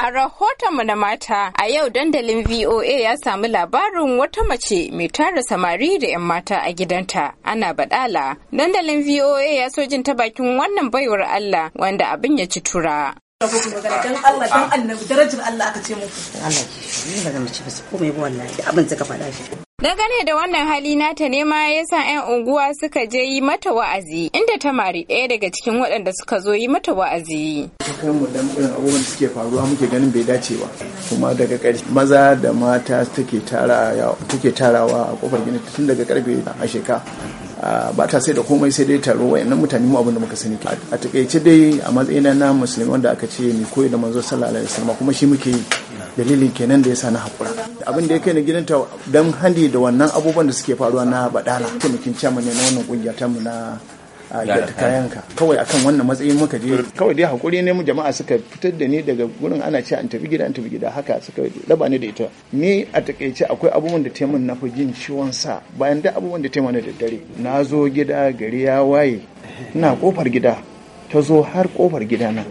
A rahotonmu na mata a yau dandalin VOA ya samu labarin wata mace mai tara samari da 'yan mata a gidanta ana baɗala. Dandalin VOA ya so jin ta bakin wannan baiwar Allah wanda abin ya ci tura. Allah Allah na ne da wannan hali nata ne ma ya sa 'yan unguwa suka je yi mata wa'azi inda ta mari ɗaya daga cikin waɗanda suka zo yi mata wa'azi. Kai mu dan irin abubuwan da suke faruwa muke ganin bai dace ba kuma daga ƙarshe maza da mata take tarawa a kofar gini tun daga karfe a sheka ba ta sai da komai sai dai taro wayannan mutane mu abin da muka sani a takaice dai a matsayin na musulmi wanda aka ce ni koyi da manzo sallallahu alaihi wasallam kuma shi muke yi dalilin kenan da yasa na haƙura. abin da ya kai ni gidanta don handi da wannan abubuwan da suke faruwa na badala taimakin cewa ne na wannan kungiyar mu na a kayanka kawai akan wannan matsayin muka je kawai dai hakuri ne mu jama'a suka fitar da ni daga gurin ana ce an tafi gida an tafi gida haka suka raba ni da ita ni a takaice akwai abubuwan da taimun na fi jin ciwon sa bayan da abubuwan da taimun da daddare na zo gida gari ya waye ina kofar gida ta zo har kofar na.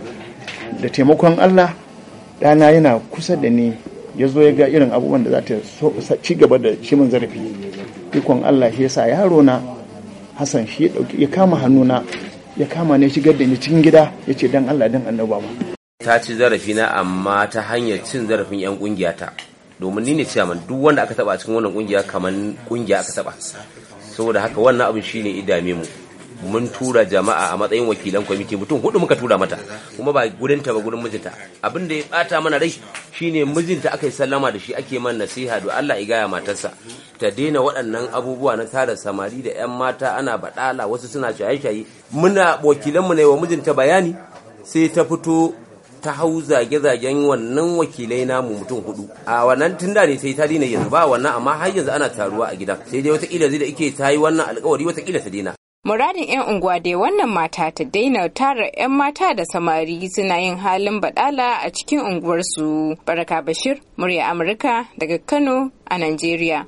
da taimakon Allah ɗana yana kusa da ni ya zo ya ga irin abubuwan da za ta ci gaba da shi min zarafi ikon Allah shi yasa yaro na Hassan shi ya dauki ya kama na ya kama ne shigar da ni cikin gida ya ce dan Allah dan annabi baba ta ci zarafi na amma ta hanyar cin zarafin yan kungiya ta domin ni ne ciyaman duk wanda aka taba cikin wannan kungiya kaman kungiya aka taba saboda haka wannan abin shine idame mu mun tura jama'a a matsayin wakilan kwamiti mutum hudu muka tura mata kuma ba gudunta ba gudun mijinta abin da ya bata mana rai shine mijinta aka yi sallama da shi ake man nasiha don Allah igaya matarsa ta daina waɗannan abubuwa na tara samari da 'yan mata ana baɗala wasu suna shaye-shaye muna wakilanmu ne wa mijinta bayani sai ta fito ta hau zage-zagen wannan wakilai namu mutum hudu a wannan tun ne sai ta daina yanzu ba wannan amma har yanzu ana taruwa a gidan sai dai wata ila zai da ike ta yi wannan alƙawari ila ta daina Muradin 'yan unguwa dai wannan mata ta daina tara 'yan mata da samari suna yin halin badala a cikin unguwarsu. Baraka Bashir, murya Amurka daga Kano a Najeriya.